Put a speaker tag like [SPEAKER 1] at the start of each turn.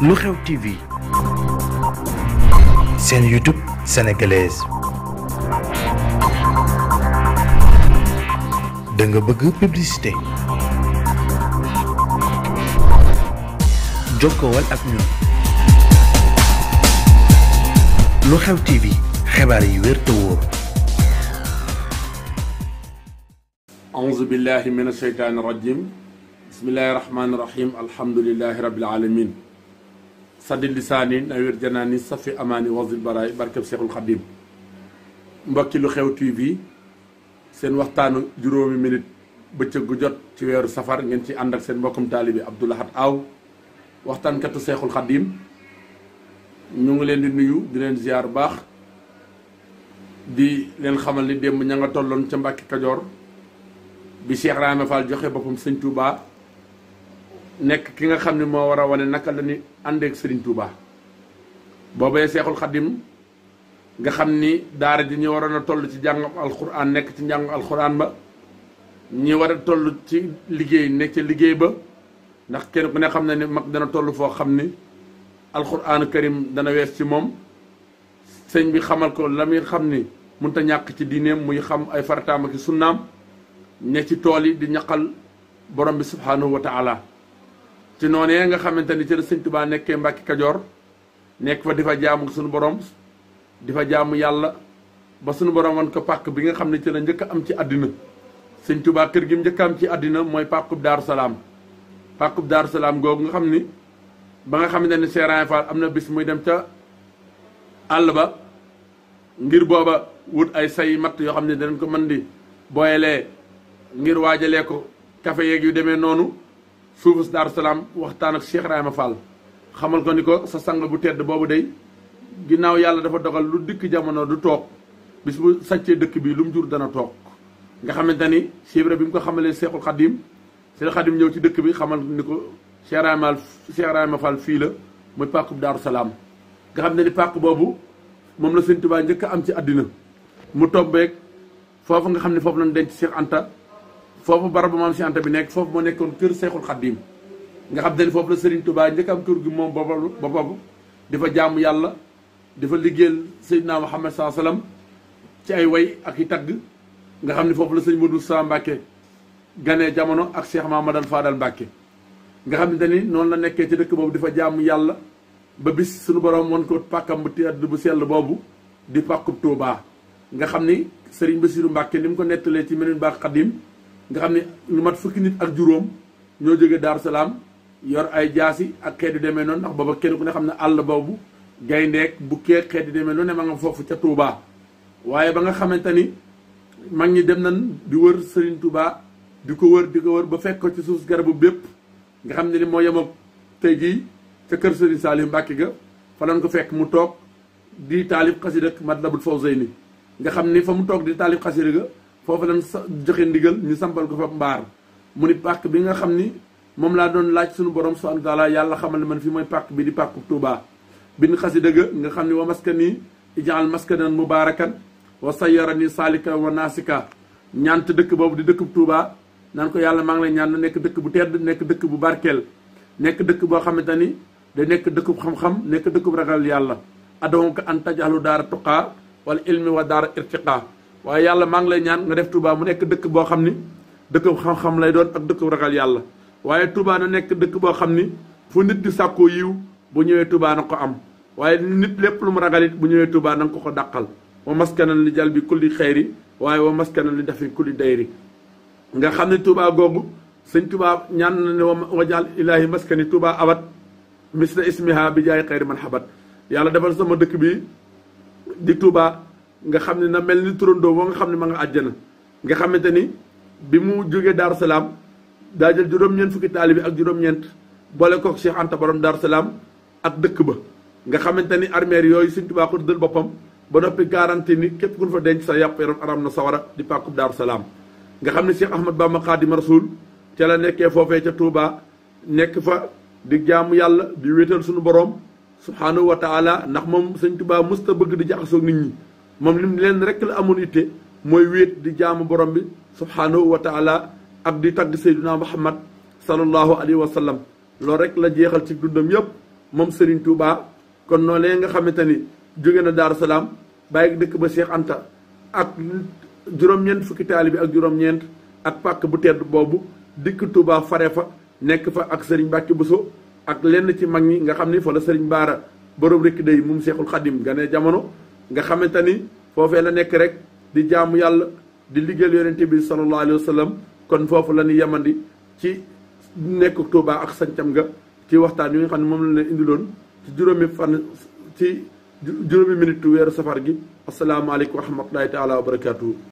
[SPEAKER 1] lu xew TV seen YouTube sénégalaise da nga bëgg publicité jokkowal ak ñun lu xew TV xibaar yi wér te wóor. auzu billahi min ashaytaani rajim bismillahi rahmaani rahim alhamdulillahi rabbil alamin saddi lisaani nawir janaani safi amaani wasil baraay barkeb seexul xaddim mbokki lu xew TV seen waxtaanu juróomi minute bëccëg gu jot ci weeru safar ngeen ci ànd ak seen mbokkum taalibi Abdou Lahad Aw waxtaankatu seexul xaddim ñu ngi leen di nuyu di leen ziar baax di leen xamal ni démb ña nga tolloon ca Mbàkke Kajoor bi Cheikh Rahma Fall joxe boppam sëñ Touba nekk ki nga xam ne moo war a wane naka la ñu àndeek Serigne Touba boobee Seexul Xadim nga xam ni daara ji ñu waroon a toll ci jàngam alxuraan nekk ci njàngu alxuraan ba ñi war a toll ci liggéey nekk ci liggéey ba ndax kenn ku ne xam na ni mag dana toll foo xam ni alxuraan karim dana wees ci moom sëñ bi xamal ko la muy xam ni mënut a ñàkk ci diineem muy xam ay farataam ak sunnaam ne ci tool yi di ñaqal borom bi subhanahu wa ci noonee nga xamante ni ci la sëñ Tuubaa Kajoor nekk fa di fa jaamu suñu borom di fa jaamu yàlla ba sunu borom wan ko pàkk bi nga xam ne ci la njëkk am ci àddina sëñ Tuubaa kër gi mu njëkk am ci àddina mooy pàkkub Daaru Salaam pàkkub Daaru Salaam googu nga xam ni ba nga xamante ni Serigne Fall am na bis muy dem ca àll ba ngir booba wut ay say matt yoo xam ne danañ ko mën di booyalee ngir waajalee ko kafe yeeg yu demee noonu suufu si Salaam waxtaan ak Cheikh Ibrahima xamal ko ni ko sa sang bu tedd boobu day ginnaaw yàlla dafa dogal lu dikk jamono du toog bi su sàccee dëkk bi lu mu jur dana toog nga xamante ni Cheikh bi mu ko xamalee Seexul Xadim Seexul Xadim ñëw ci dëkk bi xamal ni ko Cheikh Ibrahima Cheikh fii la muy pàkku Daaru Salaam nga xam ne ni pàkk boobu moom la Sëñ Tuubaa njëkk am ci àddina mu tombeeg foofu nga xam ne foofu lañ denc Cheikh Anta foofu barabu maam Cheikh Anta bi nekk foofu moo nekkoon kër Seexul Xaddiim nga xam ne foofu la Serigne Touba njëkk am kër gi moom boppam boppam di fa jaamu yàlla di fa liggéeyal Seydina Muhammad saa salaam ci ay way ak yi tagg nga xam ne foofu la sëñ Modou Sa Mbàkke ganee jamono ak Cheikh Mamadal Fadal Mbàkke nga xam ne ni noonu la nekkee ci dëkk boobu di fa yàlla ba bis suñu borom won ko pàkkam bu bu sell boobu di pàkkub Touba nga xam ni Serigne Bassirou Mbàkke ni mu ko nettalee ci meneen baax Xaddiim nga xam ne lu mat fukki nit ak juróom ñoo jóge Daaru Salaam yor ay jaasi ak xeet yu demee noonu ndax booba kenn ku ne xam ne àll boobu gayndeek bukkeek xeet yu demee noonu ne ma nga foofu ca Touba. waaye ba nga xamante ni mag ñi dem nan di wër Serigne Touba di ko wër di ko wër ba fekk ko ci suuf garabu bépp nga xam ne ni moo yem ak tey jii ca kër Serigne Saliou Mbacke ga fa lañ ko fekk mu toog di taalif xasida ak Matlabul Fawzayni nga xam ni fa mu toog di taalif xasida ga foofu lañ joxe ndigal ñu sampal ko fa mbaar mu ni pàkk bi nga xam ni moom laa doon laaj suñu borom subhanahu wa taala yàlla xamal ne man fii mooy pàkk bi di pàkku Tuubaa bin xasi dëgg nga xam ni wa maskani ijaal maskanan mubaarakan wa sayyarani saalika wa naasika ñaant dëkk boobu di dëkk Tuubaa naan ko yàlla maa ngi lay ñaan na nekk dëkk bu tedd nekk dëkk bu barkeel nekk dëkk boo xamante ni da nekk dëkku xam-xam nekk dëkkub ragal yàlla adonka an tajalu daara tuqaa wala ilmi wa daara irtiqaa waaye yàlla maa ngi lay ñaan nga def Touba mu nekk dëkk boo xam ni dëkk xam-xam lay doon ak dëkk ragal yàlla waaye Touba nekk dëkk boo xam ni fu nit di sàkkoo yiw bu ñëwee Touba na ko am waaye nit lépp lu mu ragal bu ñëwee Touba na ko ko dàqal wa maskanan li jal bi kulli xayri waaye wa maskanan li dafi kulli dayri nga xam ne Touba googu sëñ Touba ñaan na ne wa jal ilaahi maskani Touba awat misla ismiha bi jaay xayri man xabat yàlla defal sama dëkk bi di tuubaa nga xam ne na mel ni turandoo ba nga xam ne ma nga àjjana nga xamante ni bi mu jógee Daaru Salaam daa jël juróom-ñeent fukki taalibi ak juróom-ñeent boole kook Cheikh Anta borom Daaru Salaam ak dëkk ba nga xamante ni armeer yooyu Sëñ Tuubaa ko dël boppam ba noppi garanti ni képp ku fa denc sa yàpp yaram aram na sawara di pàkkub Daaru Salaam nga xam ne Cheikh Ahmad Bamba Xaadimu Rasuul ca la nekkee foofee ca Touba nekk fa di jaamu yàlla di wéetal suñu borom subhaanahu wa taala ndax moom Sëñ Tuubaa musta bëgg di jaxasoog nit ñi moom lim leen rek la amul itte mooy wéet di jaamu borom bi subhaanahu wa taala ak di tagg sayduna muhammad sallallahu alayhi wa sallam loolu rek la jeexal ci dundam yëpp moom Serigne Touba kon noonu nga xamante ni jóge na Daaru Salaam bàyyi dëkk ba Cheikh Anta ak juróom-ñeent fukki ak juróom ak pàkk bu tedd boobu dikk Touba fare fa nekk fa ak Serigne Mbacke Bousso ak lenn ci mag ñi nga xam ni fa la Serigne Baara borom rek day moom Cheikhul Khadim gane jamono. nga xamante ni foofee la nekk rek di jaamu yàlla di liggéeyal yonente bi sallallahu alayhi wa sallam kon foofu la ñuy yemandi ci nekk Touba ak sancam nga ci waxtaan wi nga xam ne moom la leen indiloon ci juróomi fan ci juróomi minute weeru safar gi asalaamaaleykum wa rahmatulahi taala wa barakaatu.